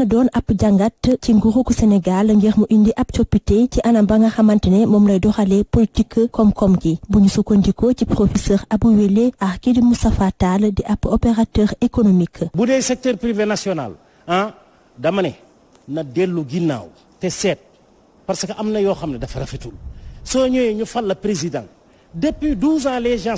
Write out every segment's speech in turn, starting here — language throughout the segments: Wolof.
na doon ab jàngat ci nguurug Sénégal ngir mu indi ab coppite ci anam ba nga xamante ne moom lay doxalee politique koom-koom gi bu ñu sukkandikoo ci professeur Abou Wele ak kii di Moustapha Tall di ab opérateur économique. bu dee secteur privé national ah dama ne na dellu ginnaaw te seet parce que am na yoo xam ne dafa rafetul soo ñëwee ñu fal la président depuis douze ans les gens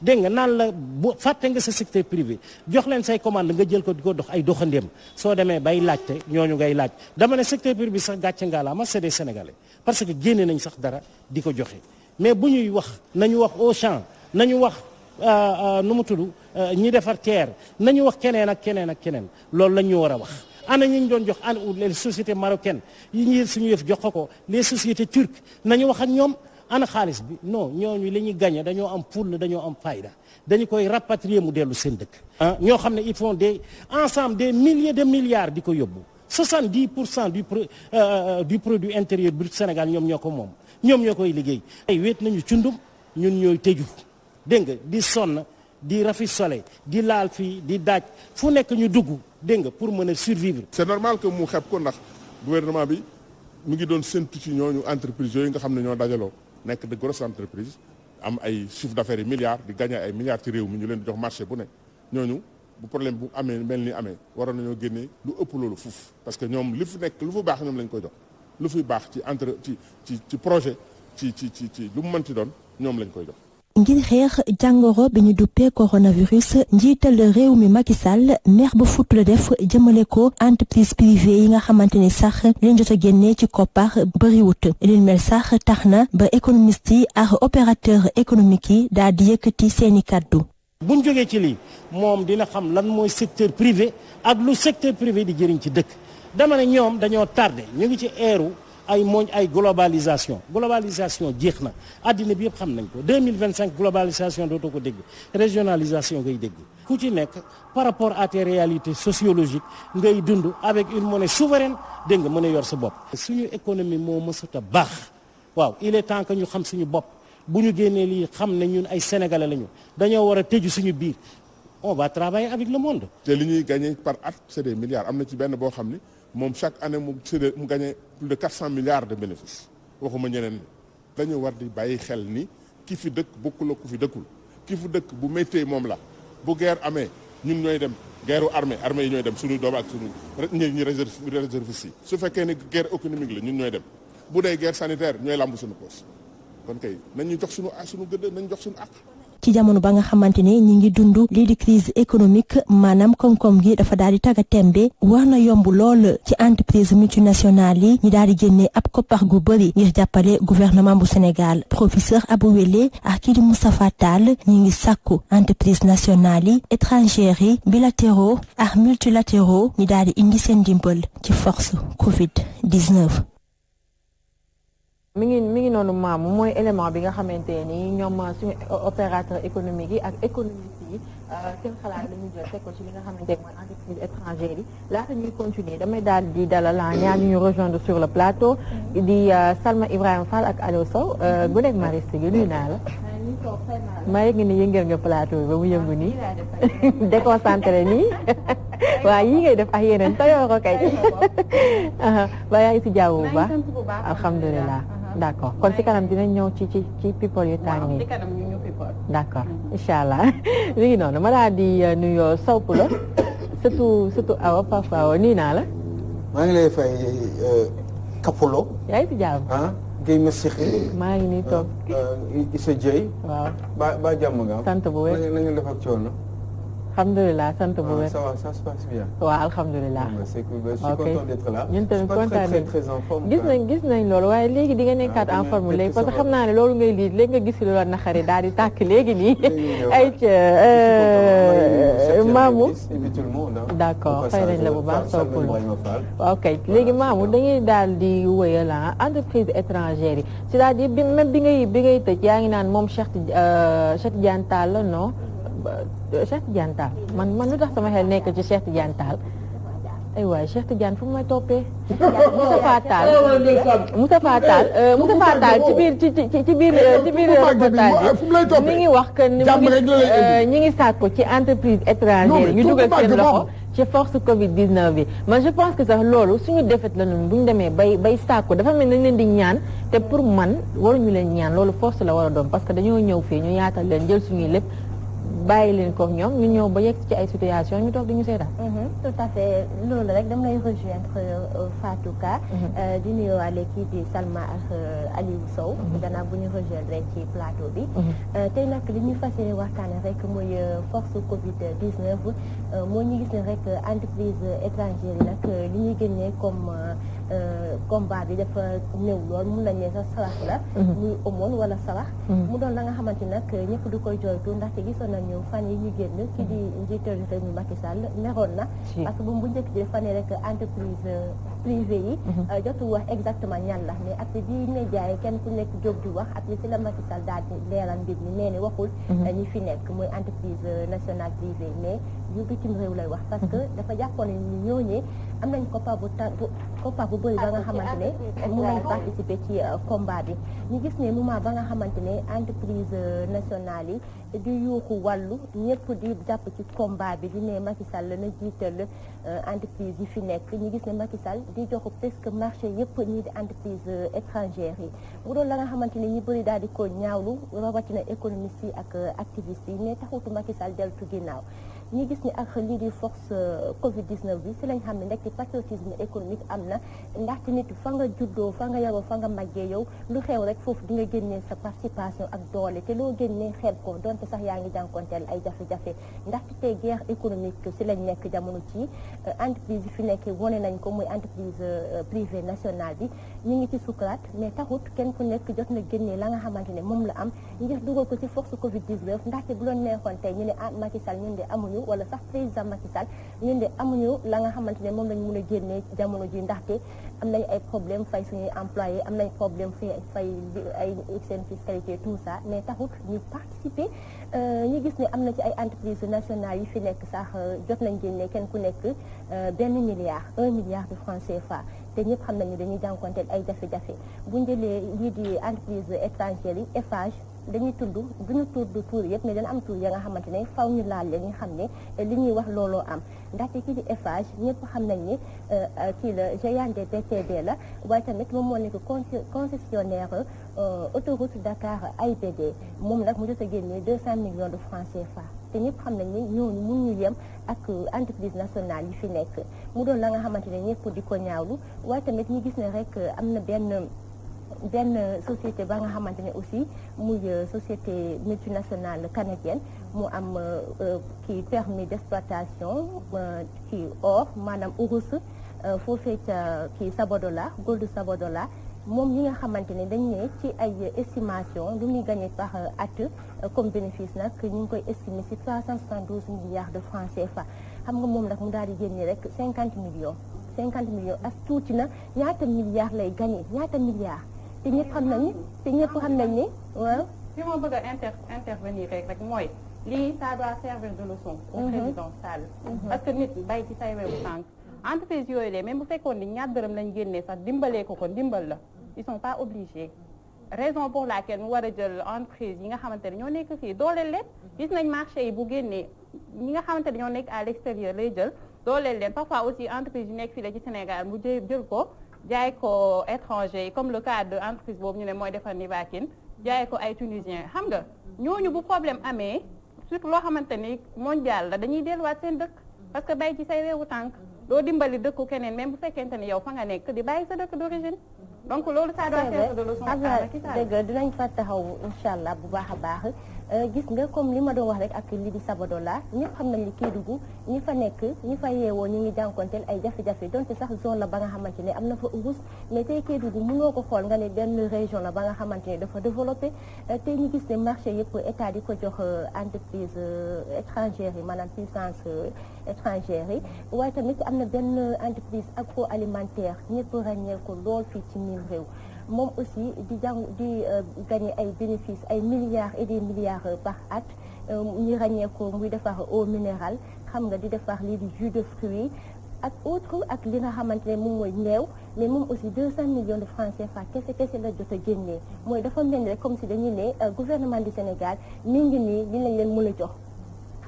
dégg nga naan la boo fàtte nga sa secteur privé jox leen say commande nga jël ko di ko dox ay doxandéem soo demee bay laajte ñooñu ngay laaj dama ne secteur privé sax gàcce ngaalaama c'est des sénégalais parce que génne nañ sax dara di ko joxe mais bu ñuy wax nañu wax Auchan nañu wax euh, euh, nu mu tudd euh, ñi defar terre nañu wax keneen ak keneen ak keneen loolu lañ ñu war a wax. ana ñu ñu doon jox an les sociétés marocaines yi ñuy suñu yëf jox ko ko les sociétés turques nañu wax ak ñoom. ana xaalis bi non ñooñu li ñuy gagné dañoo am fulla dañoo am fayda dañu koy rapatrier mu dellu seen dëkk. Ah, ñoo xam ne il font des ensemble des milliers de milliards di ko yóbbu 70 pour cent du pro euh, euh, du produit intérieur brut Sénégal ñoom ñoo ko moom ñoom ñoo koy liggéey. ay wéet nañu cundum ñun ñooy tëju dégg nga di sonn di rafistole di laal fi di daaj fu nekk ñu dugg dégg nga pour mën a survivre. c'est normal que mu xeeb ko ndax gouvernement bi mu ngi doon séntu ci ñooñu entreprise yooyu nga xam ne ñoo dajaloo. nekk de grosses entreprises am ay chiffre d'affaires yi milliards di gagné ay milliards ci réew mi ñu leen di jox marché bu ne ñooñu bu problème bu amee mel ni amee waroon nañoo génnee lu ëpp loolu fuuf parce que ñoom li fi nekk lu fa baax ñoom lañ koy jox lu fi baax ci entre ci ci ci projet ci ci ci ci lu mu mënti doon ñoom lañ koy jox ngir xeex jàngoro bi ñu duppee coronavirus njiital réew mi Macky Sall mer ba futt la def jëmale ko entreprise privée yi nga xamante ni sax leen jot a génnee ci koppar bëriwut leen mel sax tax na ba économiste yi ak opérateur économique yi daal di yëkkati seeni kàddu bu ñu jógee ci lii moom dina xam lan mooy secteur privé ak lu secteur privé di jëriñ ci dëkk dama ñoom dañoo tardé ñu ngi ci eeru ay mooñ ay globalisation globalisation jeex na àddina bi yëpp xam nañ ko 2025 globalisation dootoo ko dégg régionalisation ngay dégg ku ci nekk par rapport ate tes sociologique sociologiques ngay dund avec une monnaie souveraine dégg nga mën a yor sa bopp suñu économie moo mësut a baax waaw il est temps que ñu xam suñu bopp bu ñu génnee lii xam ne ñun ay sénégalais lañu dañoo war a tëju suñu biir on ba travailler avec le monde. te li ñuy gagné par at c'est milliards am na ci benn boo xam ni moom chaque anne mu c'est mu gagné plus de quatre cent milliards de bénéfices waxuma ñeneen dañu war di bàyyi xel ni ki fi dëkk bokkul ku fi dëkkul ki fi dëkk bu méttee moom la bu guerre amee ñun ñooy dem guerre armée armée yi ñooy dem suñuy doom ak suñu ñi réservistes yi su fekkee ni guerre économique la ñun ñooy dem bu dee guerre sanitaire ñooy làmb suñu poos kon kay nañ ñu jox suñu suñu gëdd nañ jox suñu àq ci jamono ba nga xamante ni ñi ngi dundu lii di crise économique maanaam koom-koom gi dafa daal di tagga tembe war na yomb lool ci entreprise multinationale yi ñi daal di génne ab koppax gu bëri ngir jàppale gouvernement bu Sénégal professeur Abou Wele ak kii di Moustapha Tall ngi sàkku entreprise nationale yi étrangères yi bilatéraux ak multilatéraux ñi daal di indi seen dimbal ci force Covid 19 mi ngi mi ngi noonu maamu mooy élément bi nga xamante ni ñoom suñu opérateur économique yi ak économiste yi euh, la ñu jël teg ko ci li nga xamante ni mooy entreprise yi laata ñuy damay daal di dalal ñaar ñu ñu rejoindre sur le plateau di euh, Salma Ibrahima fal ak Aliou Sow guneeg euh, mariste gi naa la ma yëg ni yëngal nga plateau bi ba mu yëngu nii déconcentré nii waaw yii ngay def ak yeneen tayooro kay ba yaa ngi si jàmm bu baax d' accord kon si kanam dinañ ñëw ci ci ci people yu tàng yi. d' accord incha allah mi ngi noonu ma daal di euh, nuyoo Sow Poulo surtout surtout Awa Papa Awa nuyu naa la. maa ngi lay fay Kapulo. Euh, yaa ngi si jàmm ah. Guèye Massiré. maa ngi nii toog ah, euh, Issa Dieye. waaw ba ba jàmm nga. sant bu wér na ngeen def ak coono. alhamdulilah sant bu ah, wér. ça va ça se passe bien. waaw alhamdulilah. c'est cool je suis content d'être là. ñun tamit kontaan nañu gis nañ gis nañ loolu waaye léegi di nga ah, nekkaat en forme léegi parce que xam naa ne loolu ngay lii léegi nga gis loola naxari daal di tàkk léegi nii. ay ca euh, maamu. Euh, d'accord fay nañ la bu baax soppul waaw kay léegi maamu dañuy daal di wëyal entreprise étrangère yi c'est-à-dire bi même bi ngay bi ngay tëj yaa ngi naan moom Cheikh euh, Cheikh Tidiane Tall non. Cheikh Tidiane Tall man man lu tax sama xel nekk ci Cheikh Tidiane Tall ay waay Cheikh Tidiane mu may toppee Moustapha Tall Moustapha Tall Moustapha Tall ci biir ci ci ci biir ci biir reportage mi ngi wax que ni mu ngi ñi ngi sàkku ci entreprise étrangère ñu dugal seen loxo ci force Covid 19 bi man je pense que sax loolu suñu defet la ñun ñu demee bay bay sàkku dafa mel nañ leen di ñaan te pour man ñu leen ñaan loolu force la war a parce que dañoo ñëw fii ñu yaatal leen jël suñuy lépp bàyyi leen kook ñoom ñu ñëw ba yegg ci ay situation ñu toog di ñu seetaan. Mhm, tout à fait loolu rek damay rejoindre euh, Fatou Ka. Mhm. Euh, di nuyuwaale kii di Salma ak euh, Aliou Sow. danaa mhm. bu ñu rejoindre ci plateau bi. tey nag li ñuy fas yéene waxtaanee rek mooy force Covid 19 moo ñu gis ne rek entreprise étrangère yi nag li ñuy génne comme. Euh, combat bi dafa néew lool mun nañ ne sax sarax la mhm. muy amoon wala sarax mhm. mu doon la nga xamante nag ñëpp du koy jooytu ndaxte gisoon nañu fan yi ñu génn kii di mhm. njiital réew mi Macky Sall meroon na parce que bu mu njëkk ji dafa ne rek entreprise euh, privé yi mhm. euh, jotu wax exactement ñan la mais après bi kenn ku nekk jóg di wax après si la Macky Sall daal di leeral mbir mi nee ne waxul mhm. euh, ñi fi nekk mooy entreprise euh, nationale privée mais yu bitim réew lay wax parce mhm. que dafa jàppoon ne ñooñee am nañ koppar bu ta koppar bu bëri ba nga xamante ne mun ci combat bi ñu gis ne moment ba nga xamante ne entreprise nationale yi di yuuxu wàllu ñëpp di jàpp ci combat bi di ne Macky Sall na jiital entreprise yi fi nekk ñu gis ne Macky Sall di jox presque marché yëpp ñii di entreprise euh, étrangères yi mu doon la nga xamante ni ñu bëri daal di ko ñaawlu rawatina économistes yi ak euh, activistes yi mais taxutu Macky Sall deltu ginnaaw ñi gis ni ak lii di force euh, Covid 19 bi si lañ xam ne ndekki patriotisme économique am na ndaxte nit fa nga juddoo fa nga yaroo fa nga màggee yow lu xew rek foofu di nga génnee sa participation ak doole te loo génnee xeeb ko donte sax yaa ngi jànkonteel ay jafe-jafe ndaxte tey guerre économique si lañ nekk jamono ci euh, entreprise yi fi nekk wone nañ ko muy entreprise euh, privée nationale bi ñu ngi ci sukuraat mais taxut kenn ku nekk jot na génnee la nga xamante ne moom la am ngir ko ci force Covid 19 ndaxte bu tey ñu ne ah Macky Sall de amuñu amuñu wala sax président Macky Sall de amuñu la nga xamante ne moom lañ mun a génnee jamono ji ndaxte am nañ ay problème fay suñuy employé am nañ problème fay fay ay seen fiscalité tout ça mais taxut ñu participer euh, ñu gis ne am na ci ay entreprise nationales yi fi nekk sax euh, jot nañ génnee kenn ku nekk euh, benn milliard un milliard de francs CFA te ñëpp xam nañu dañuy jànkonteel ay jafe-jafe bu njëlee lii di entreprise étrangère yi Eiffage dañuy tudd duñu tudd tuur yëpp mais dana am tuur ya nga xamante ne faw ñu laal leen ñu xam ne eh, li ñuy wax looloo am ndaxte kii di Eiffage ñëpp xam nañ ni eh, eh, kii la géant des BTP la waaye tamit moom moo nekk concessionnaire autoroute Dakar AIBD moom nag mu jot a génne 200 millions de francs CFA te ñëpp xam nañ ni ñu mun ñu yem ak entreprise nationale yi fi nekk mu doon la nga xamante ne ñëpp di ko ñaawlu waaye tamit ñu gis ne rek am na benn benn société ba nga xamante ne aussi muy euh, société multinationale canadienne mu am euh, euh, kii permis d'exploitation kii or maanaam urus foofee ca kii Sabodola Goldu Sabodola moom ñi nga xamante ne dañ ne ci ay estimation lu muy gagné par at comme bénéfice nag ñu ngi koy estimer ci 372 milliards de francs CFA xam nga moom nag mu daal di génne rek 50 million 50 millions as tuuti na ñaata milliards lay gagné ñaata milliards te ñëpp xam nañ te ñëpp xam nañ ni waaw. fi ma bëgg a inter intervenir rek rek mooy lii ça doit servir de leçon au président Sall parce que nit bay ci say wewu tànk entreprise yooyu de mais bu fekkoon ni ñaar dërëm lañ génnee sax dimbalee ko ko dimbal la ils sont pas obligés raison pour laquelle mu war a jël entreprise yi nga xamante ne ñoo nekk fii dooleel leen gis nañ marché yi bu génnee ñi nga xamante ne ñoo nekk à l'extérieur lay jël dooleel leen parfois aussi entreprise yu nekk fii la ci Sénégal mu jël ko jaay ko étranger yi comme le cas de entreprise boobu ñu ne mooy ni defar Nivaquine jaay ko ay tunisien xam nga ñooñu bu problème amee surtout loo xamante ni mondial la dañuy delluwaat seen dëkk parce que bay ci say réewu tànk doo dimbali dëkk keneen même bu fekkente ni yow fa nga nekk di bàyyi sa dëkk d'origine donc loolu ça doit servir de leçon ah, dëgg dinañ fa taxaw incha allah bu baax a baax Euh, gis nga comme li ma doon wax rek ak li di Sabadola ñëpp xam nañ ni Kédougou ñi fa nekk ñu fa yeewoo ñu ngi jànkonteel ay jafe-jafe donte sax zone la ba nga xamante ni am na fa urus mais tey Kédougou mënoo ko xool nga ne benn région la ba nga xamante ne dafa développé euh, te ñu gis ne marché yëpp état di ko jox euh, entreprise étrangère yi maanaam puissance étrangère yi waaye tamit am na benn entreprise alimentaire ñëpp ràññeel ko lool fii ci mim réew moom aussi di jàng di euh, gagné ay bénéfices ay milliards et des milliards par at euh, ñu ràññeekoo muy defar eau minérale xam nga di defar lii di jus de fruits ak autre ak li nga xamante ne moom mooy néew mais moom aussi 200 millions de francs CFA kese kese la jot a génnee mooy dafa mel ni rek comme si dañuy ne euh, gouvernement du Sénégal ni ngi nii li lañ leen mën a jox.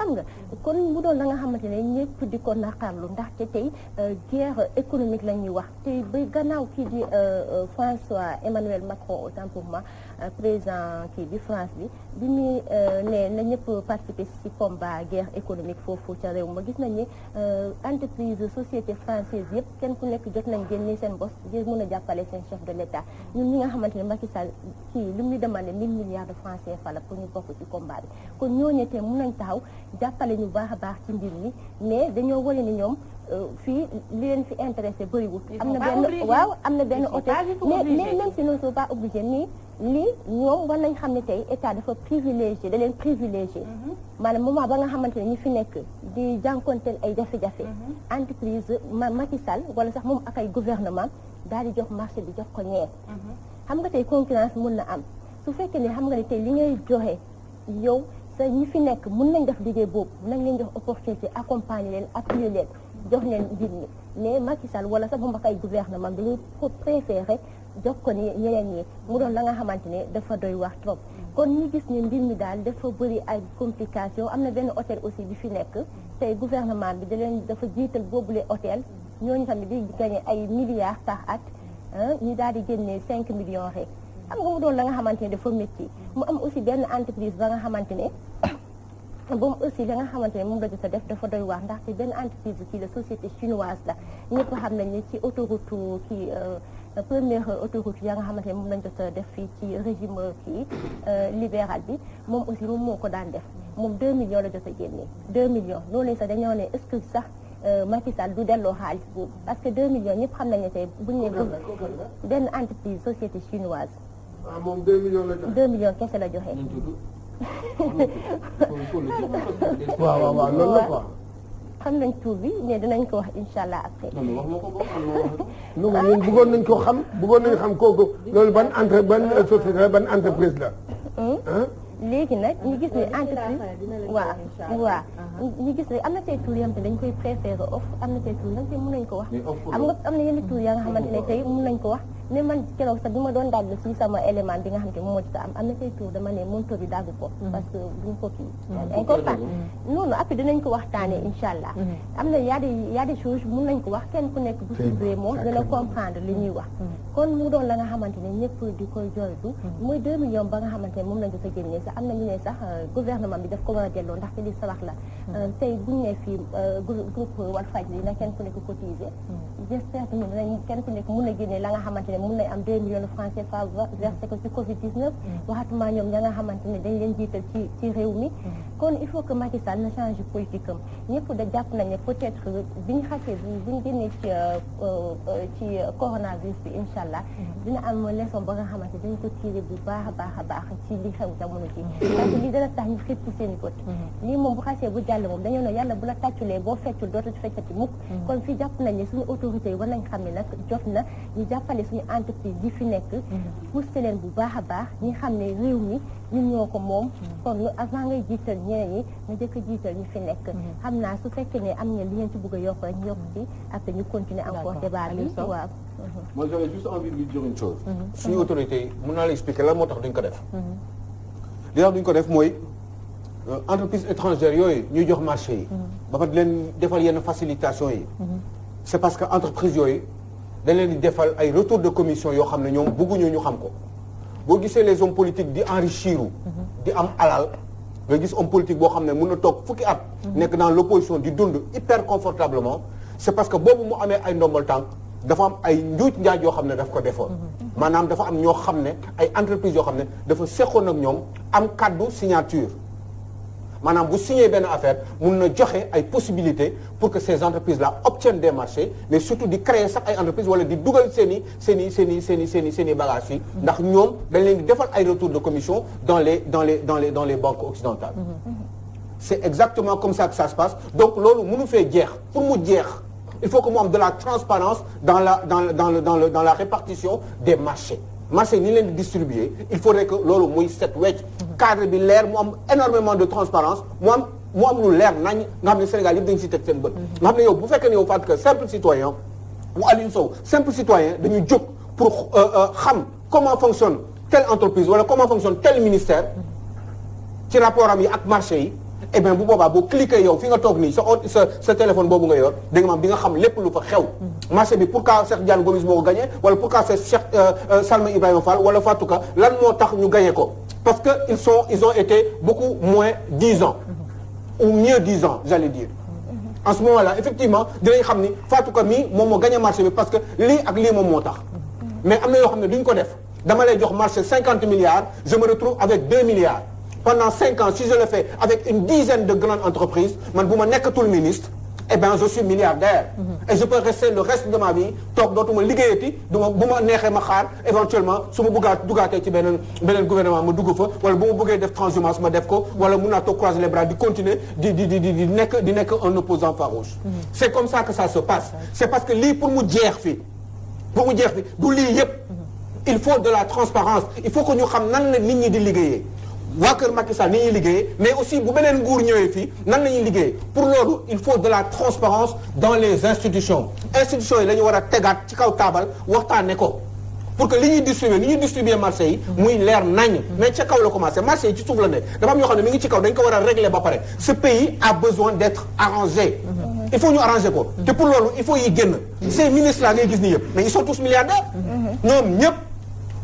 xam nga kon mu doon la nga xamante ne ñëpp di ko naqarlu ndaxte tey euh, guerre économique la ñuy wax tey ba gannaaw kii di euh, euh, François Emmanuel Macron autant pour ma président kii bi France bi bi muy euh, ne na ñëpp participer ci combat guerre économique foofu ca réew ma gis nañ ni euh, entreprise société française yëpp kenn ku nekk jot nañ génne seen bos ngir mun a jàppale seen chef de l'État ñun ñi nga xamante ne Macky Sall kii li muy demandé ni milliards de francs CFA la pour ñu bokk ci combat bi kon ñooñu itam mën nañ taxaw jàppale ñu baax a baax ci mbir ñi mais dañoo wane ni ñoom euh, fii li leen fi intéressé bëriwul am na benn waaw am na benn hôtel mais même si nii lii ñoom war nañ xam ne tey état dafa privilégié da leen privilégié mhm. maanaam moment ba nga xamante ne ñu fi nekk di jànkonteel ay jafe-jafe mhm. entreprise Macky Sall wala sax moom ak ay gouvernement daal di jox marché bi jox ko ñeer mhm. xam nga tey concurrence mun na am su fekkee ne xam nga ne tey li ngay joxe yow sa ñi fi nekk mun nañ def liggéey boobu nañ leen jox opportunité accompagner leen appuyer leen jox leen mbir mi mais Macky Sall wala sax moom ak ay gouvernement dañuy préféré jox ko ni ñeneen ñi mu doon la nga xamante ne dafa doy wax trop kon ñu gis ne mbir mi daal dafa bëri ay complication am na benn hôtel aussi bi fi nekk tey gouvernement bi da leen dafa jiital boobule hôtel ñooñu tamit di gagné ay milliards par at ñu daal di génnee cinq millions rek am nga mu doon la nga xamante ne dafa métti mu am aussi benn entreprise ba nga xamante ne ba mu aussi la nga xamante ne moom la jot a def dafa doy wax ndaxte benn entreprise kii la société chinoise la ñëpp xam nañ ne ci autoroute kii euh, première autoroute ya nga xamante ne moom lañ jot a def fii ci régime kii libéral bi moom aussi moom moo ko daan def moom 2 millions la jot a génne 2 millions loolu sax dañoo ne est-ce que sax Macky Sall du delloo xaalis boobu parce que 2 millions ñëpp xam nañ ne tey bu ñu nee benn entreprise société chinoise. waaw moom 2 millions la joxe 2 millions kese la joxe. waaw waaw waaw loolu la quoi. xam nañ tur bi mais dinañ ko wax incha allah après. non wax nga ko ba ñun bëggoon nañ ko xam bëggoon nañ xam kooku loolu ban entre ban société la ban entreprise la. Hmm? léegi nag ñu gis ne ah, entreprise waaw waaw ah, ah. ñu gis ne am na tey tur yoo xamante dañ koy préférer off am na tey tur nag tey nañ ko wax. am nga am na yenn tur yaa nga xamante nañ ko wax. li man keroog sax bi ma doon dagg ci sama élément bi nga xam te moom moo ci am na say tour dama ne monto bi dagg ko mm-hmm. parce que duñ ko kii mm-hmm. incompar mm-hmm. noonu ko waxtaanee incha allah am na y a des nañ ko wax kenn ku nekk bu suivre moom dana comprendre li ñuy wax kon mu doon la nga xamante ne ñëpp di koy joytu muy deux millions ba nga xamante ne moom lañ dafa génnee sax am na ñu ne sax euh, gouvernement bi daf ko war a delloo ndax te li sawax la euh, tey gu ne fii euh, groupe Walfadjri na kenn ku nekk cotiser j'espère que ñoom dinañ kenn ku nekk mun na génne la nga xamante ne mun nañ am 2 millions de francs CFA versé ko ci Covid 19 mm. waxatuma ñoom ña nga xamante ne dañ leen jiital ci ci réew mi mm. kon il faut que Macky Sall na change politique am ñëpp da jàpp nañ ne peut-être bi ñu xasee bi ñu génnee ci euh, euh, ci coronavirus bi incha allah. Mhm. dina am leçon ba nga xamante dañ ko tiré bu baax a baax a baax ci li xew jamono ji mhm. parce que li dana tax ñu xëpp ko i bët mhm. lii moom bu xasee bu jàll moom dañoo ne yàlla bu la tàcculee boo feccul dootu feccati mukk kon fii jàpp nañ ne suñu autorités yi war nañ xam ne nag jot na ñu jàppale suñu entreprise yi fi nekk pousse leen bu baax a baax ñi xam ne réew mi ñun ñoo ko moom mm-hmm. kon lu avant ngay mm-hmm. am na li ngeen ci bëgg a yokk ñu yokk ci mm-hmm. après ñu continuer suñu autorité yi mën naa la expliquer lan moo tax duñ ko def li tax duñ ko def mooy euh, entreprise étrangère yooyu ñuy jox marché yi ba pare leen defal yenn facilitation yi c'est parce que entreprise yooyu dañ leen di defal ay retour de commission yoo xam ne ñoom bëgguñu ñu xam ko boo gisee les hommes politiques di enrichir di am alal nga gis homme politique boo xam ne mun na toog fukki at nekk dans l'opposition di dund hyper confortablement c'est parce que boobu mu amee ay ndombal tànk dafa am ay njuuj njaaj yoo xam ne daf ko defoon maanaam dafa am ñoo xam ne ay entreprises yoo xam ne dafa seqoon ak ñoom am kaddu signature maanaam bu signé benn affaire mun na joxe ay possibilité pour que ces entreprises là obtiennent des marchés mais surtout di créer sax ay entreprises wala di dugal seen i seen i seen i seen i seen ndax ñoom dañ leen di ay retour de commission dans les dans les dans les dans les banques occidentales mm-hmm. c'est exactement comme ça que ça se passe donc loolu mënu fee jeex pour mu jeex il faut que mu am de la transparence dans la dans dans le dans le dans la répartition des marchés marché ni leen di distribuer il faudrait loolu muy set cadre bi leer mu am énormément de transparence mu am mu am lu leer nañ nga xam ne Sénégal yëpp dañu si teg seen bët mhm. nga xam ne yow bu fekkee ne yow Fatou Ka simple citoyen ou Aliou Sow simple citoyen dañu jóg pour euh, euh, xam comment fonctionne telle entreprise wala comment fonctionne tel ministère ci rapport am yi ak marché yi eh bu boobaa boo cliquer yow fi nga toog nii sa sa sa téléphone boobu nga yor da nga maam di nga xam lépp lu fa xew mhm. marché bi pourquoi Cheikh Diane Gomis wala pourquoi c'est Cheikh euh, Salma Ibrahima wala Fatou Ka lan moo tax ñu gagné ko parce que ils sont ils ont été beaucoup moins dix ans ou mieux dix ans j'allais dire en ce moment là effectivement dinañ xam ni Fatou Ka mii moom moo gagné marché parce que lii ak lii moo tax mais am na yoo xam ne duñ ko def dama lay jox marché cinquante milliards je me retrouve avec deux milliards pendant cinq ans si je le fais avec une dizaine de grandes entreprises man bu ma nekkatul ministre eh bien je suis milliardaire. et je peux rester le reste de ma vie toog dootuma liggéeyati du ma bu ma neexee ma xaar éventuellement su ma bëggaat duggaatee ci beneen beneen gouvernement ma dugg fa wala bu ma bëggee def transhumance ma def ko wala mun naa toog croiser les bras di continuer di nekk di opposant farouche. Mm-hmm. c' comme ça que ça se passe. Mm-hmm. c' est parce que lii pour mu jeex fi pour mu jeex fi du lii yëpp. Mm-hmm. il faut de la transparence il faut que ñu xam nan la nit ñi di liggéeyee. waa kër Macky Sall ni ñuy liggéeyee mais aussi bu beneen nguur ñëwee fii nan la ñuy liggéeyee pour loolu il faut de la transparence dans les institutions institutions yi la ñu war a tegaat ci kaw taabal waxtaane ko pour que li ñuy distribuer li ñuy distribuer marché muy leer nañ mais ca kaw la commencé marché yi ci suuf la ne dafa am ñoo xam ne mi ngi ci kaw dañ ko war a régler ba pare ce pays a besoin d'être arrangé mhm. il faut ñu arranger ko mhm. te loolu il faut yi génn mhm. gis nii yëpp mais ils sont tous milliardaires ñëpp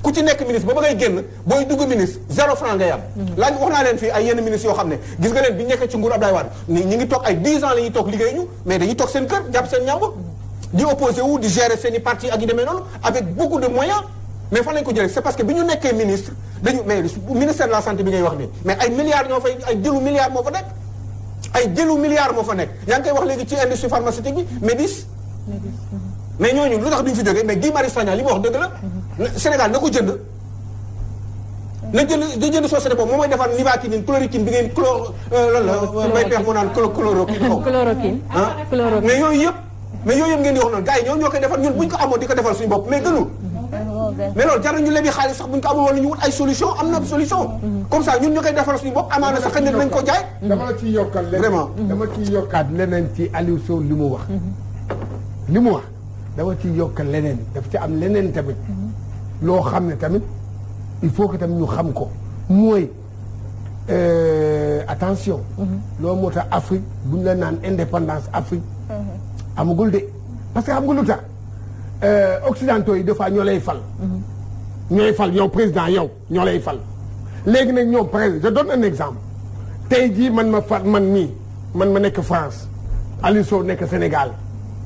ku ci nekk ministre ba bëggay génn booy dugg ministre zéro franc ngay am mm-hmm. laaj wax naa leen fii ay yenn ministres yoo xam ne gis nga leen bi nekkee ci nguur Abdoulaye Wade ni ñi ngi toog ay 10 ans la toog liggéey ñu mais dañuy toog seen kër jàpp seen ñàmb di opposé wu di gérer seen i ak yi demee noonu avec beaucoup de moyens mais fan lañ ko jëlee c'est parce bi ñu nekkee ministre dañu mais ministère la santé bi ngay wax nii mais ay milliards Sénégal na ko jënd na jënd na jënd société boobu moom mooy defar nivaquine chloroquine bi ngeen chloro euh, lan la euh, bay peex mu naan chloroquine ah. chloroquine mais yooyu yëpp mais yooyu yëpp ngeen di wax noonu gars yi ñoo ñoo koy defar ñun bu ko amoon di ko defal suñu bopp mais gënul mais loolu jar nañu lebi xaalis sax bu ñu ko amul woon ñu wut ay am na solution mm-hmm. comme ça ñun ñoo koy defal suñu bopp amaana sax xëy na nañ ko jaay mm-hmm. dama la ciy yokkal leneen vraiment mm-hmm. dama ciy yokkaat leneen ci Aliou Sow li mu li mu wax dama ciy yokkal leneen daf ci am leneen tamit loo xam ne tamit il faut que tamit ñu xam ko mooy euh, attention. Mm-hmm. loolu moo tax Afrique bu ñu la naan indépendance Afrique. Mm-hmm. amagul de parce que xam nga lu tax euh, occidentaux yi des fois ñoo lay fal. Mm-hmm. ñooy fal yow président yow ñoo lay fal léegi nag ñoom par exemple je donne un exemple tey jii man ma fal man nii man ma nekk France Aliou Sow nekk Sénégal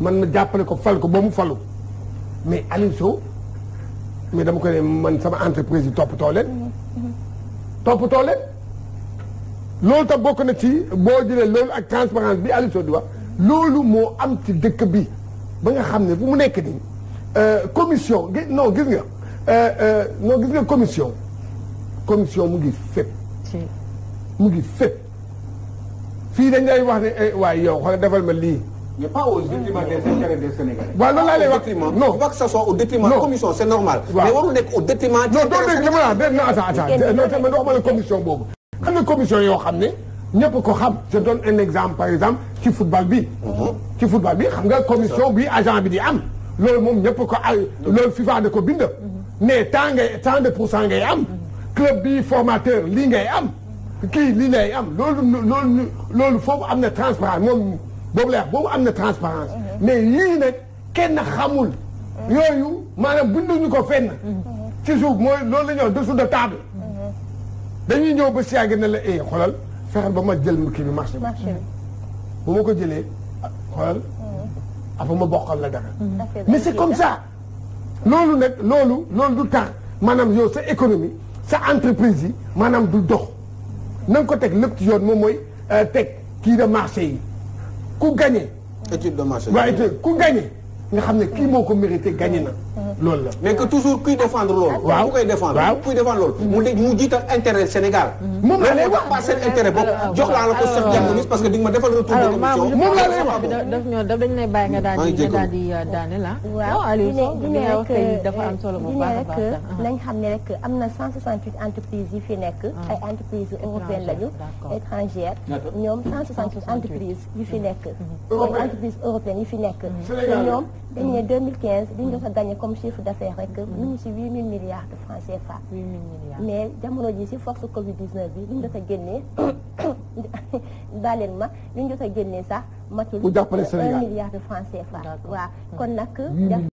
man ma jàppale ko fal ko ba mu falu mais Aliou Sow. mais dama ko ne man sama entreprise yi toppatoo leen. toppatoo leen. loolu tam bokk na ci boo jëlee loolu ak transparence bi Aliou Sow di wax loolu moo am ci dëkk bi ba nga xam ne bu mu nekk nii euh, commission gi non gis nga euh, euh, non gis nga commission commission mu ngi fépp. mu ngi fépp. fii dañ lay wax ne eh, waaye yow xoolal defal ma lii. mais pas au détriment des intérêts des Sénégalais. waaw loolu laa lay wax non pas que ça soit commission c'est normal. mais warul nekk commission boobu. xam nga commission yoo xam ne ñëpp ko xam je donne un exemple par exemple ci football bi. Mhm. ci football bi xam nga commission bi agent bi di am. loolu moom ñëpp ko ay loolu FIFA da ko bind. mais mhm. tant ngay tant de pour cent ngay am. Mhm. club bi formateur lii ngay am. kii lii lay am loolu loolu foofu am na transparent moom. boobu lay wax boobu am na transparence mais yii nag kenn xamul yooyu maanaam binduñu ko fenn ci suuf mooy loolu la ñuy wax dessous de table dañuy ñëw ba si siyaage ne la eh xoolal fexeel ba ma jël kii bi marché bi bu ma ko jëlee ah, xoolal ah, ma bokkal la dara mm-hmm. mais comme ça loolu nag loolu loolu du tax maanaam yow sa économie sa entreprise yi maanaam du dox na ko teg lépp ci yoon moom mooy euh, teg kii na marché yi ku gagné. étude de marché waaye ku gagné nga xam ne kii moo ko mérité gagné na. Mm. loolu la mais que toujours kuy défendre loolu. waaw ku koy défendre. waaw kuy défendre loolu. mu de intérêt Sénégal. Mm-hmm. moom la lay wax pas intérêt bopp jox laa la ko Cheikh Diakhoumous parce que di ma defal retour. alors maamu moom la daf ñoo daf dañu lay bàyyi nga daal di euh, daane la. waaw Aliou Sow li dafa am solo bu baax a baax. nañ xam ne rek am na 168 fi nekk. Ah. ay entreprises fi nekk. entreprises européennes yi fi ñoom mm-hmm. dañ ne 2015 dañ ko gagné chiffre defee rek mm-hmm. mu ngi si huit mille milliards de francs CFA. mais jamono ji si force Covid 19 bi li ñu jot a génnee baaleen ma ñu jot a génnee sax matul. bu jàppale Sénégal un milliard de francs CFA. waaw kon nag.